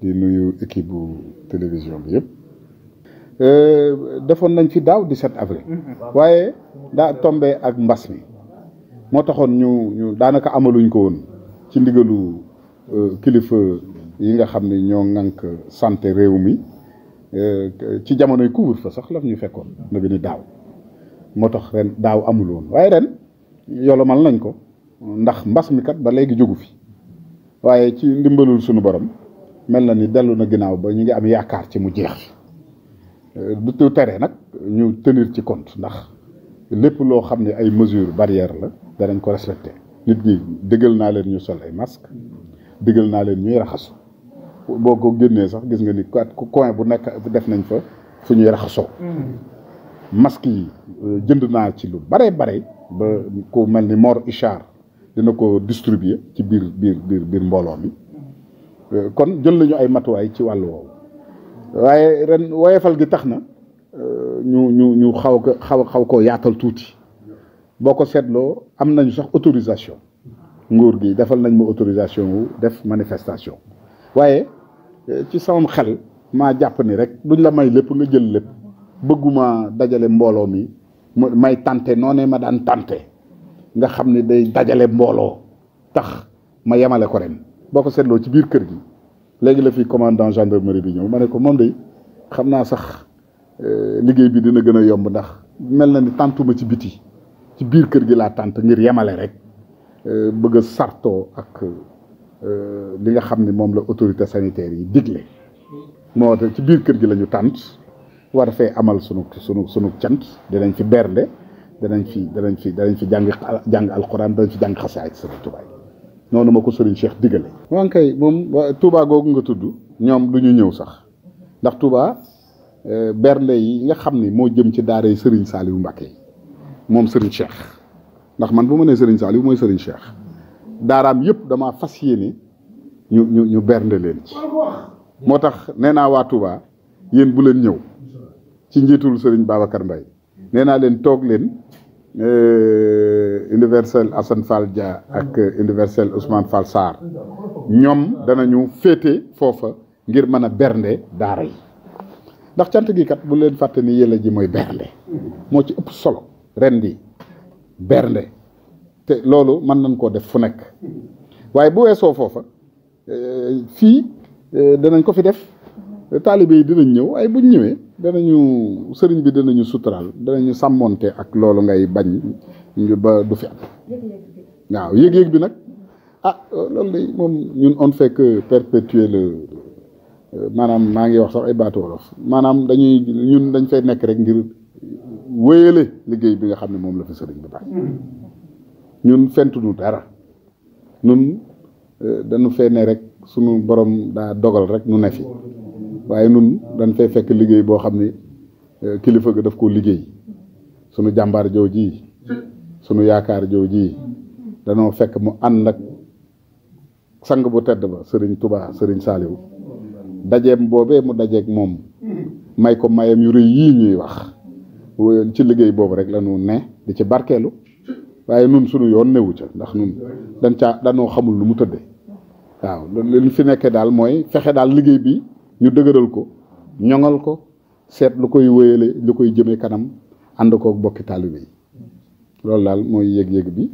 di nuyu équipe bu télévision bi yëpp euh, defoon nañ fi daaw di set avril mm-hmm. waaye daa tombé ak mbas mi moo taxoon ñu ñu daanaka amaluñ ko woon ci ndigalu euh, kilifa yi nga xam ni ñoo ŋànk santé réew mi euh, ci jamonoy couvre-feu sax la ñu fekkoon nga ni daaw moo tax ren daaw amul waaye ren yolomal nañ ko ndax mbas mi kat ba léegi jógu fi waaye ci ndimbalul sunu borom mel na ni dellu na ginnaaw ba ñu ngi am yaakaar ci mu jeex euh, du tu tere nag ñu tenir ci compte ndax lépp loo xam ne ay mesures barrières la danañ ko respecté nit ñi digal naa leen ñu sol ay masque digal naa leen ñuy raxasu boo ko génnee sax gis nga ni ku coin bu nekk def nañ fa fu ñuy raxasoo mm. masque yi euh, jënd naa ci lu bare bare ba ku mel ni Mor Ichar dina ko distribuer ci biir biir biir biir mbooloo mi kon jël nañu ay matuwaay ci wàllu woowu waaye ren woyefal gi tax na euh, ñu ñu ñu xaw ko xaw xaw koo yaatal tuuti boo ko seetloo am nañu sax autorisation nguur gi defal nañ ma autorisation wu def manifestation waaye euh, ci samam xel maa jàpp ni rek duñ la may lépp nga jël lépp bëgguma dajale mbooloo mi may tante noonee ma daan tante nga xam ni day dajale mbooloo tax ma yemale ko ren boo ko seetloo ci biir kër gi léegi la fi commandant gendarmerie bi ñëw ma ne ko moom de xam naa sax euh, liggéey bi dina gën a yomb ndax mel na ni tàntuma ci biti ci biir kër gi laa tànt ngir yemale rek euh, bëgg a sartoo ak euh, li nga xam ni moom la autorité sanitaire yi digle moo tax ci biir kër gi lañu tànt war a amal sunu sunu sunu cant dinañ fi bernde danañ fi danañ fi danañ fi jàng jàng alquran danañ fi jàng xasaay ci Sëriñ noonu ma ko sëriñ Cheikh digale waa kay moom Touba googu nga tudd ñoom du ñu ñëw sax ndax Touba euh, bernde yi nga xam ni moo jëm ci daara yi sëriñ Saliou Mbacké moom sëriñ Cheikh ndax man bu ma nee sëriñ Saliou mooy sëriñ Cheikh daaraam yëpp damaa fas yéene ñu ñu ñu bernde leen ci moo tax nee naa waa Touba yéen bu leen ñëw ci njiitul sëriñ Babacar mbay nee naa leen toog leen Euh, universel Assane Fall Dia ak universel Ousmane Fall saar ñoom danañu féete foofa ngir mën a bernde daara yi ndax cant gi kat bu leen fàtte ni yëla ji mooy bernde moo ci ëpp solo ren di bernde te loolu mën nañ koo def fu nekk waaye bu weesoo foofa euh, fii euh, danañ ko fi def talibé yi dinañ ñëw ay buñ dana ñu sëriñ bi sutural dana ñu samonté ak loolu ngay bañ ñu ba du fi am waaw yëg-yëg bi nak ah loolu lay mom ñun on fait que perpétuer le euh, manam ma ngi wax sax ay bato wolof manam dañuy ñun dañ fay nekk rek ngir wëyele liggéey bi nga xamné mom la fi sëriñ bi baax ñun fentunu dara ñun euh, dañu fee ne rek sunu borom da dogal rek ñu ne waaye nun dañ fay fekk liggéey boo xam ne euh, kilifa gi daf koo liggéey suñu jàmbaar joo ji sunu yaakaar joo ji danoo fekk mu ànd ak sang bu tedd ba sëriñ tubaa sëriñ Saliou dajeem boobee mu dajeeg moom may ko mayam yu rëy yii ñuy wax ci liggéey boobu rek la ñu ne di ci barkeelu waaye nun sunu yoon newu ca ndax nun dañ caa danoo xamul lu mu tëddee waaw li fi nekkee daal mooy fexe daal liggéey bi ñu dëgëral ko ñoŋal ko seet lu koy wéyale lu koy jëme kanam ànd kook bokki taalibe yi loolu daal mooy yëg-yëg bi